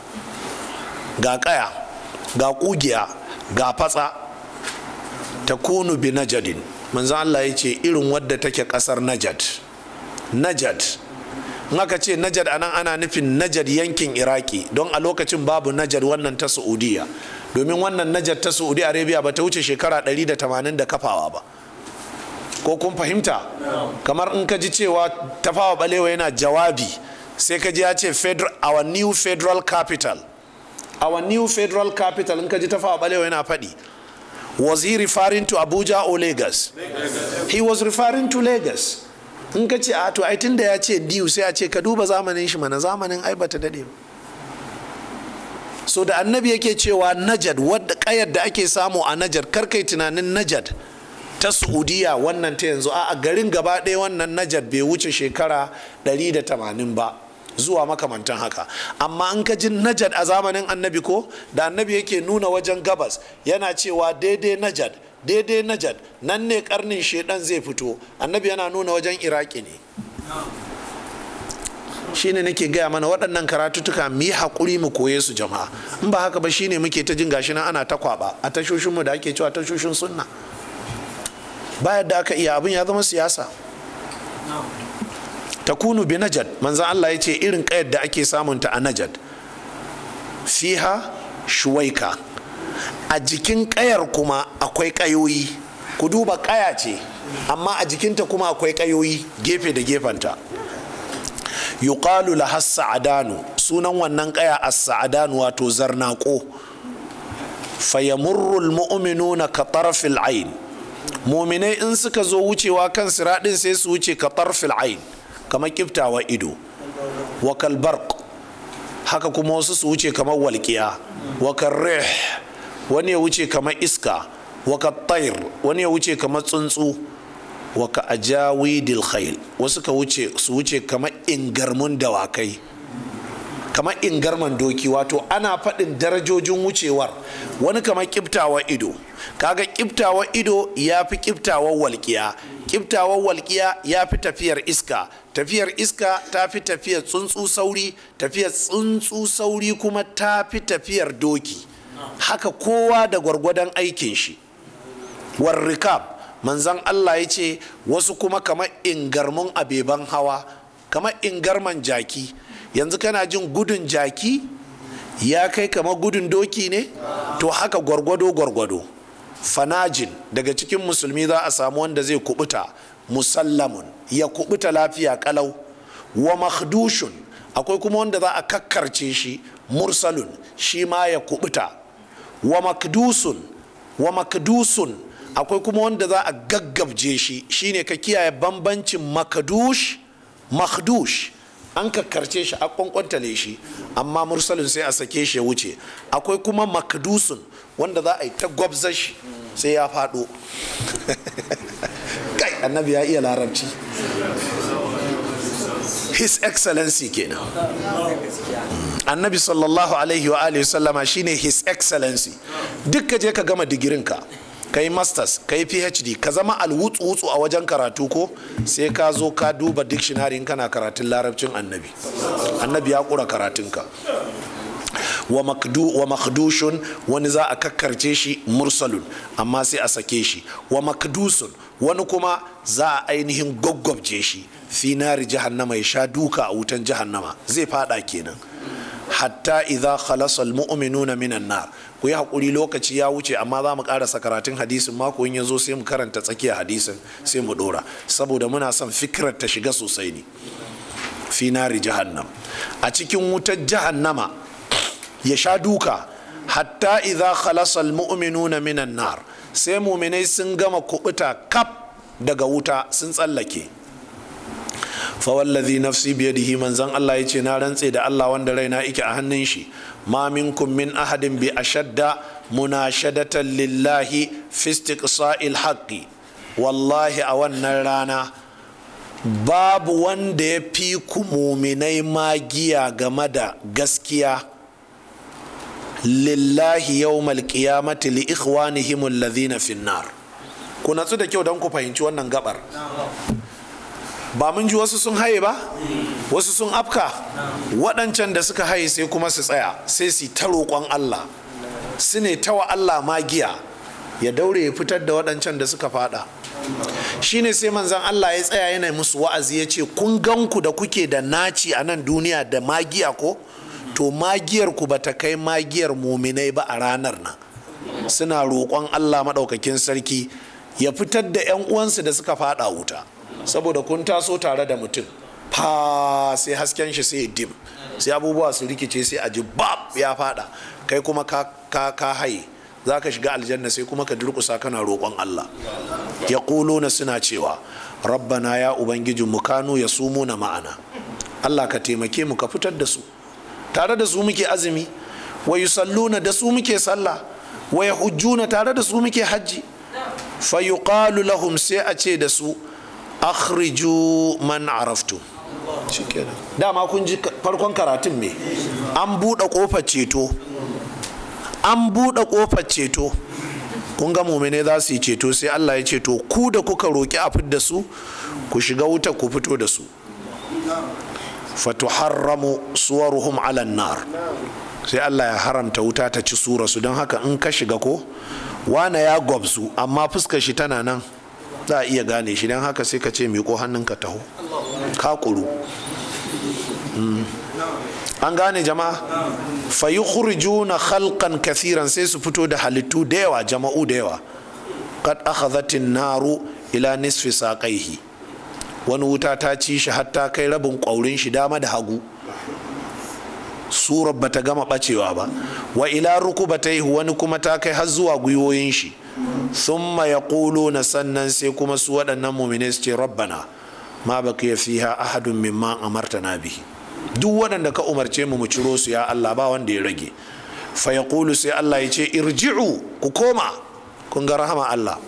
ga kaya ga kugiya ga fatsa ta kunu bi najadin manzo Allah ya ce irin wadda take kasar najad najad naka ce najad anan ana nufin najad yankin iraki don a lokacin babu najad wannan ta saudiya domin wannan najad ta saudi arabia ba ta wuce shekara 180 da kafawa ba ko kun fahimta kamar in ka ji cewa tafawa balewa yana jawabi sai ka ji ya ce our new federal capital our new federal capital in ka ji tafawa balewa yana faɗi was he referring to abuja or lagos he was referring to lagos in ka ce a ah, to ai tun da ya ce biyu sai a ce ka duba zamanin shi mana zamanin ai bata dade ba so da annabi yake cewa najad wadda kayar da ake samu a najad karkai tunanin najad ta saudiya wannan ta yanzu a garin gaba ɗaya wannan najad bai wuce shekara 180 ba zuwa makamantan haka amma an ka jin najad a zamanin annabi ko da annabi yake nuna wajen gabas yana cewa daidai najad daidai najad nan ne karnin shedan zai fito annabi yana nuna wajen iraki ne shine nake gaya mana waɗannan karatutuka mu yi haƙuri mu koye su jama'a in ba haka ba shine muke ta jin gashi nan ana ta kwaba a tashoshinmu da ake cewa tashoshin sunna ba yadda aka iya abin ya zama siyasa takunu bi najad manzan Allah ya ce irin kayar da ake samunta a najad fiha shuwaika a jikin kayar kuma akwai kayoyi ku duba kaya ce amma a jikinta kuma akwai kayoyi gefe da gefenta yuqalu laha sa'adanu sunan wannan kaya as-sa'adanu wato zarnaqo fayamurru al-mu'minuna ka tarfil ayn muminai in suka zo wucewa kan siradin sai su wuce ka tarfil ayn kamar kiftawa ido wa kalbarq haka kuma wasu su wuce kamar walƙiya wa karrih wani ya wuce kamar iska wa kattair wani ya wuce kamar tsuntsu wa ka ajawidil khayl wasu ka wuce su wuce kamar ingarmun dawakai kamar ingarman doki wato ana faɗin darajojin wucewar wani kamar kiftawa ido kaga kiftawa ido ya fi kiftawa walƙiya kiftawa walƙiya ya fi tafiyar iska tafiyar iska ta fi tafiyar tsuntsu sauri tafiyar tsuntsu sauri kuma ta fi tafiyar doki haka kowa da gwargwadon aikin shi warrikab manzan allah ya ce wasu kuma kamar ingarmun abeban hawa kamar ingarman jaki yanzu kana jin gudun jaki ya kai kama gudun doki ne to haka gwargwado gwargwado fanajin daga cikin musulmi za a samu wanda zai kubuta musallamun ya kubuta lafiya kalau wa makhdushun akwai kuma wanda za a kakkarce shi mursalun shi ma ya kubuta wa makdusun wa makdusun akwai kuma wanda za a gaggabje shi shine ka kiyaye bambancin makdush makdush an kakkarce shi a kwankwantale shi amma mursalun sai a sake shi ya wuce akwai kuma makdusun wanda za a yi ta gwabzar shi sai ya faɗo kai annabi ya iya larabci his excellency kenan annabi sallallahu alaihi wa alihi sallama shine his excellency duk ka je ka gama digirinka ka yi masters ka yi phd ka zama alwutsu-wutsu a wajen karatu ko sai ka zo ka duba dictionary kana karatun larabcin annabi annabi ya kura karatunka wa makdushun wani za a kakkarce shi mursalun amma sai a sake shi wa makdusun wani kuma za a ainihin gwaggwabje shi finari jahannama ya sha duka a wutan jahannama zai fada kenan hatta idza khalasal mu'minuna minan nar ku yi hakuri lokaci ya wuce amma za mu karasa karatun hadisin mako in yazo sai mu karanta tsakiyar hadisin sai mu dora saboda muna son fikirar ta shiga sosai ne Finari nari jahannam a cikin wutar jahannama ya sha duka hatta idza khalasa almu'minuna minan nar sai muminai sun gama kubuta kaf daga wuta sun tsallake fawallazi nafsi biyadihi zan Allah ce na rantse da Allah wanda raina yake a hannun shi ma minkum min ahadin bi ashadda munashadatan lillahi fi istiqsa'il haqqi wallahi a wannan rana babu wanda ya fi ku muminai magiya game da gaskiya lillahi yawmal qiyamati li ikhwanihim alladhina finnar ku natsu da kyau don ku fahimci wannan gabar ba mun ji wasu sun haye ba wasu sun afka waɗancan da suka haye sai kuma su tsaya sai su ta roƙon Allah su ne wa Allah magiya ya daure ya fitar da waɗancan da suka fada shine sai manzan Allah ya tsaya yana musu wa'azi ya ce kun ganku da kuke da naci a nan duniya da magiya ko to magiyar ku ba ta kai magiyar muminai ba a ranar nan suna roƙon Allah maɗaukakin sarki ya fitar da 'yan uwansu da suka faɗa wuta saboda kun taso tare da mutum fa sai hasken shi sai dim sai abubuwa su rikice sai a ji bab ya faɗa kai kuma ka haye za ka shiga aljanna sai kuma ka durkusa kana roƙon Allah ya na suna cewa rabbana ya ubangijin mu Kano ya sumu na ma'ana Allah ka taimake mu ka fitar da su tare da su muke azumi wa yusalluna da su muke sallah wa yahujjuna tare da su muke hajji fa yuqalu lahum sai a ce da su akhriju man araftu dama kun ji farkon karatun me an buɗe ƙofar ceto an buɗe kofa ceto kun ga mumine za su yi ceto sai allah ya ceto ku da kuka roki a fidda su ku shiga wuta ku fito da su fatuharramu suwaruhum ala nar sai Allah ya haramta wuta ta ci sura su don haka in ka shiga ko wana ya gwabsu amma fuskar shi tana nan za a iya gane shi don haka sai ka ce hannun ka taho ka kuru hmm. an gane jama'a fayi na halkan kathiran sai su fito da halittu da yawa jama'u da yawa kad akhadhatin naru ila nisfi saqaihi wani wuta ta ci shi hatta kai rabin kwaurin shi dama da hagu surar bata gama bacewa ba wa ila ruku yi wani kuma ta kai har zuwa gwiwoyin shi ya na sannan sai kuma su waɗannan mu'mine su ce rabbana ma yafi ha ahadun mimma martana bihi duk waɗanda ka umarce mu mu ciro su ya Allah ba wanda ya rage fa yaqulu sai Allah ya ce irji'u ku koma kun ga rahama Allah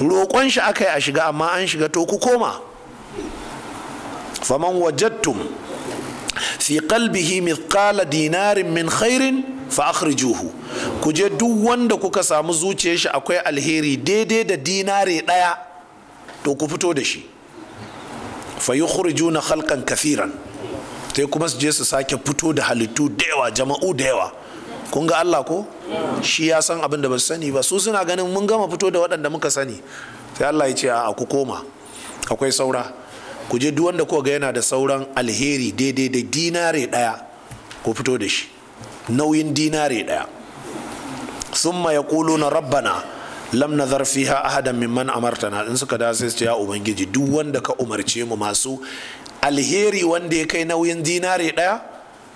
roƙon shi aka yi a shiga amma an shiga to ku koma faman wajattum fi kalbihi mithqala dinarin min khairin fa akhrijuhu ku je duk wanda kuka samu zuciyar shi akwai alheri daidai da dinare daya to ku fito da shi fa yukhrijuna khalqan kathiran sai kuma su je su sake fito da halittu da yawa jama'u da yawa kun ga Allah ko shi ya san abin da ba su sani ba su suna ganin mun gama fito da waɗanda muka sani sai Allah ya ce a ku koma akwai saura ku je duk wanda kuka ga yana da sauran alheri daidai da dinare daya ku fito da shi nauyin dinare sun ma ya na rabbana lam nazar fiha ahadan mimman amartana in suka da sai ce ya ubangiji duk wanda ka umarce mu masu alheri wanda ya kai nauyin dinare daya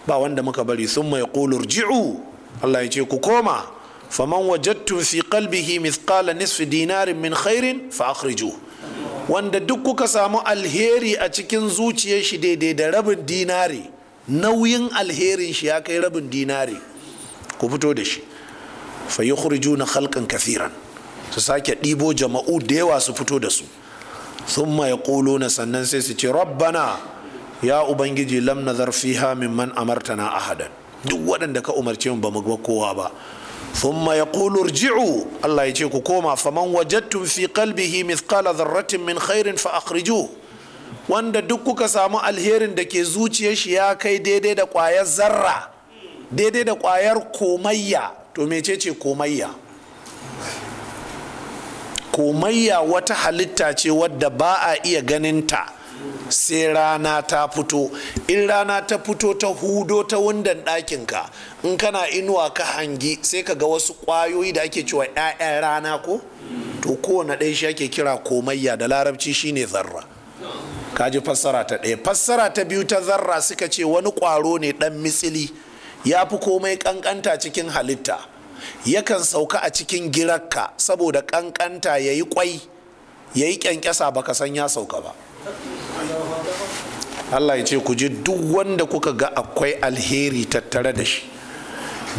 ba wanda muka bari sun ma ya ji'u Allah ya ce ku koma faman wajattun fi qalbihi mithqala nisfi dinarin min khairin fa akhrijuhu wanda duk kuka samu alheri a cikin zuciyar shi daidai da rabin dinari nauyin alherin shi ya kai rabin dinari ku fito da shi fa na halkan kafiran. su sake ɗibo jama'u da yawa su fito da su Sun ƙolo na sannan sai su ce rabbana ya ubangiji lam nazar fiha man amartana ahadan duk waɗanda ka umarce mu ba mu ga kowa ba ya kulur ji'u. Allah ya ce ku koma faman wajadtum fi kalbihi mitkala, zarratin min khairin fa akhriju wanda duk kuka samu alherin da ke zuciyar shi ya kai daidai da kwayar zarra daidai da kwayar komayya to ce komayya komayya wata halitta ce wadda ba a iya ganinta sai rana ta fito in rana ta fito ta hudo ta wundan ɗakinka in kana inuwa ka hangi sai ka ga wasu ƙwayoyi da ake cewa 'ya'yan rana ko to kowane ɗaya shi ake kira komayya da larabci shine zarra kaji fassara ta ɗaya fassara ta biyu ta zarra suka ce wani ƙwaro ne ɗan mitsili ya fi komai ƙanƙanta cikin halitta yakan sauka a cikin girakka saboda ƙanƙanta ya yi ƙwai ya yi ƙyanƙyasa baka san ya sauka ba allah ya ce ku je duk wanda kuka ga akwai alheri tattare da shi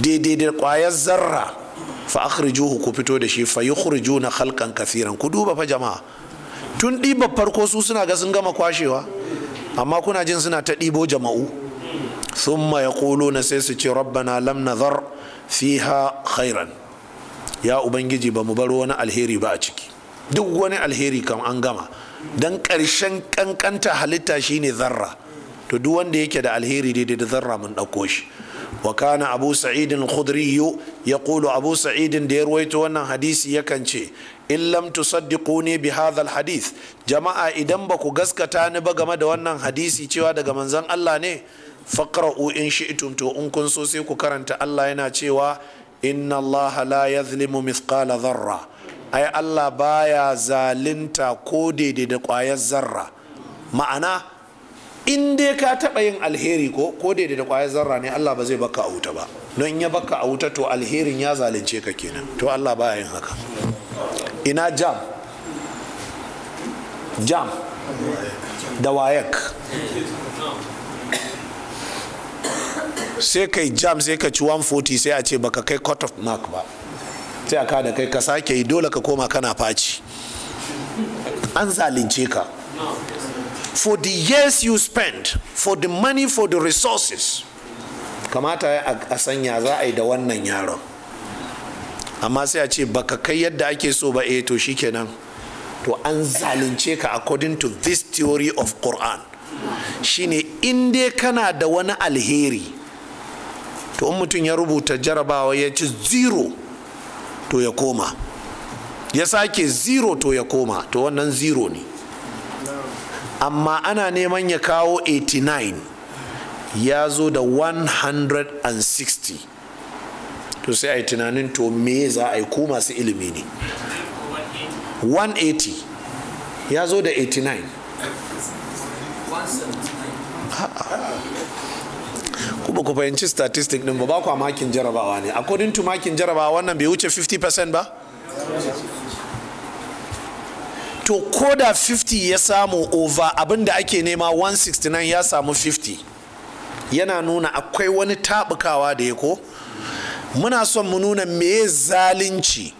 daidai da kwayar zarra fa akhrijuhu ku fito da shi fa na halkan kasiran ku duba fa jama'a tun ɗiba farko su suna ga sun gama kwashewa amma kuna jin suna ta ɗibo jama'u Kolo na sai su ce rabbana lam nazar fiha khairan ya ubangiji ba mu bar wani alheri ba a ciki duk wani alheri kam an gama don ƙarshen ƙanƙanta halitta shine zarra to duk wanda yake da alheri daidai da zarra mun ɗauko shi wa kana abu sa'idin khudri ya kulu abu sa'idin da ya ruwaito wannan hadisi yakan ce in lam ne bi hadhal hadith jama'a idan ba ku gaskata ni ba game da wannan hadisi cewa daga manzon Allah ne faqra'u in shi'tum to in kun so sai ku karanta Allah yana cewa inna Allah la yazlimu mithqala zarra. ai Allah baya zalinta ko daidai da kwayar zarra ma'ana in dai ka taɓa yin alheri ko ko daidai da kwayar zarra ne Allah ba zai baka a wuta ba don ya baka a wuta to alherin ya zalunce ka kenan to Allah baya yin haka ina jam jam da wayak sai kai jam sai ka ci 140 sai a ce baka kai cut of mark ba sai aka ka da kai ka sake yi dole ka koma kana faci an zalunce ka for the years you spend for the money for the resources kamata a sanya za a yi da wannan yaron amma sai a ce baka kai yadda ake so ba eh to shi shikenan to an zalunce ka according to this theory of Quran shine in dai kana da wani alheri to in mutum ya rubuta jarabawa ya ci zero to ya koma ya sake zero to ya koma to wannan zero ne amma ana neman ya kawo 89 ya zo da 160 to sai a yi tunanin to me za a yi koma masu ilimi ne 180 ya zo da 89 ba ku fahimci statistic din ba ba ku makin jarabawa ne according to makin jarabawa wannan bai wuce 50% ba to ko da 50 ya samu over abinda ake nema 169 ya samu 50 yana nuna akwai wani tabukawa da ya ko muna son mu nuna me zalunci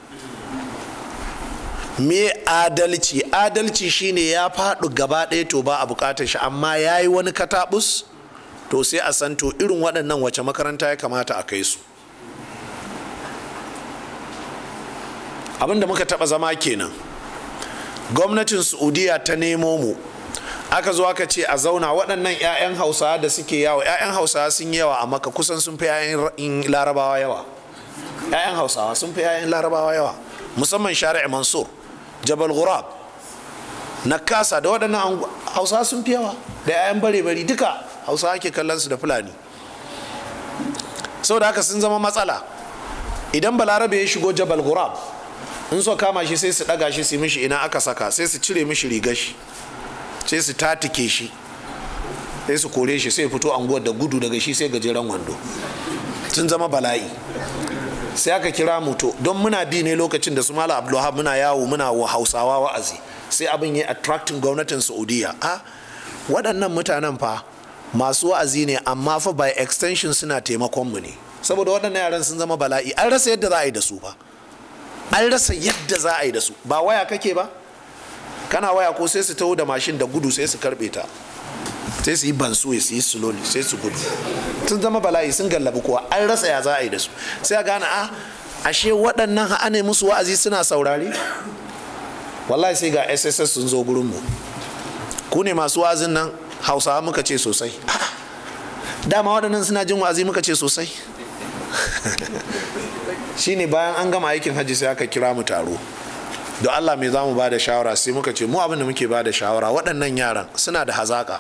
me adalci adalci shine ya faɗi gaba ɗaya to ba a bukatar shi amma ya yi wani katabus to sai a san to irin waɗannan wace makaranta ya kamata a kai su abin da muka taɓa zama kenan gwamnatin saudiya ta nemo mu aka zo aka ce a zauna waɗannan 'ya'yan hausawa da suke yawa, 'ya'yan hausawa sun yawa a maka kusan sun fi 'ya'yan larabawa yawa 'ya'yan hausawa sun fi 'ya'yan larabawa yawa musamman shari'a mansur jabal ghurab na kasa da waɗannan hausawa sun fi yawa da 'ya'yan bare bari duka hausa ake kallon su da fulani sau da haka sun zama matsala idan balarabe ya shigo jabal gurab in so kama shi sai su daga shi su mishi ina aka saka sai su cire mishi riga shi sai su tatike shi sai su kore shi sai fito anguwar da gudu daga shi sai gajeren wando sun zama bala'i sai aka kira mu don muna bi ne lokacin da su mala abdullahi muna yawo muna wa hausawa wa'azi sai abin ya attracting gwamnatin saudiya a ah, waɗannan mutanen fa masu wa'azi ne amma fa by extension suna taimakon mu ne saboda waɗannan yaran sun zama bala'i an rasa yadda za a yi da su ba an rasa yadda za a yi da su ba waya kake ba kana waya ko sai su taho da mashin da gudu sai su karbe ta sai su yi bansu su yi slowly sai su gudu sun zama bala'i sun gallabi kuwa an rasa ya za a yi da su sai a gane a ah, ashe waɗannan ha'a ne musu wa'azi suna saurari wallahi sai ga sss sun zo gurinmu ku ne masu wa'azin nan hausawa muka ce sosai dama waɗannan suna jin wa'azi muka ce sosai ne bayan an gama aikin hajji sai aka kira mu taro da Allah mai za mu ba da shawara sai muka ce mu abin da muke ba da shawara waɗannan yaran suna da hazaƙa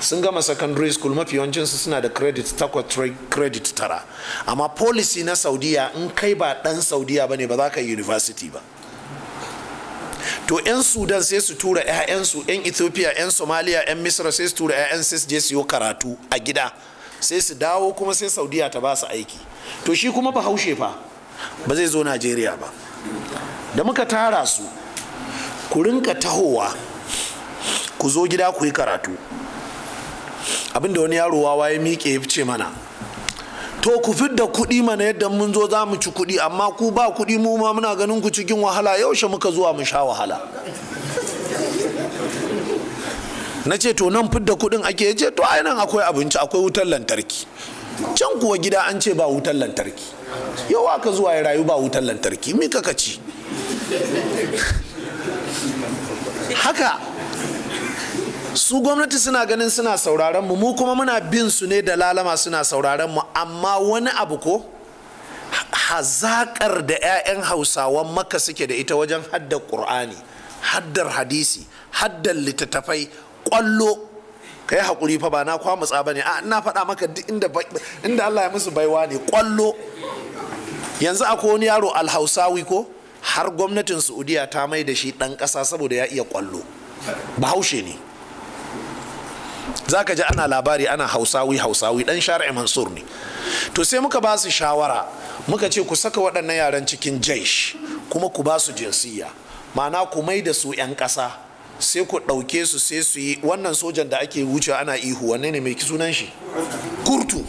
sun gama secondary school mafi yawancinsu suna da credit takwas credit tara amma policy na saudiya in kai ba ɗan saudiya ba ne ba za ka yi university ba to 'yan sudan sai su tura 'ya'yansu 'yan ethiopia 'yan somalia 'yan misra sai su tura 'ya'yan sai su je su yi karatu a gida sai su dawo kuma sai saudiya ta ba su aiki to shi kuma bahaushe fa ba zai zo najeriya ba da muka tara su ku rinka tahowa ku zo gida ku yi karatu abinda wani yaro wawa ya miƙe ya fice mana to ku fidda kuɗi mana yadda mun zo za mu ci kuɗi amma ku ba kuɗi mu ma muna ganin ku cikin wahala yaushe muka zuwa mu sha wahala na ce to nan fidda kuɗin ake ce to ai nan akwai abinci akwai wutar lantarki can kuwa gida an ce ba wutar lantarki yau aka zuwa ya rayu ba wutar lantarki mi kaka ci haka su gwamnati suna ganin suna sauraron mu mu kuma muna bin su ne da lalama suna sauraron mu amma wani abu ko hazakar da 'ya'yan hausawan maka suke da ita wajen haddar ƙur'ani haddar hadisi haddar littattafai ƙwallo ka yi haƙuri fa ba na kwamutsa ba ne a ina faɗa maka duk inda Allah ya musu baiwa ne ƙwallo yanzu akwai wani yaro alhausawi ko har gwamnatin saudiya ta mai da shi ɗan ƙasa saboda ya iya ƙwallo bahaushe ne zaka ji ana labari ana hausawi hausawi dan shari'a mansur ne to sai muka ba su shawara muka ce ku saka waɗannan yaran cikin jaish kuma ku ba su jinsiya ma'ana ku mai da su 'yan ƙasa sai ku ɗauke su sai su yi wannan sojan da ake wucewa ana ihu wanne ne mai sunan shi kurtu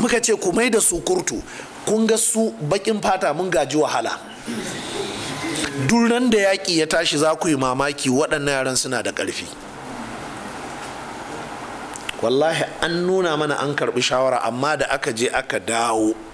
muka ce ku mai da su kurtu kun ga su bakin fata mun gaji wahala duk da yaƙi ya tashi za ku yi mamaki waɗannan yaran suna da ƙarfi wallahi an nuna mana an karbi shawara amma da aka je aka dawo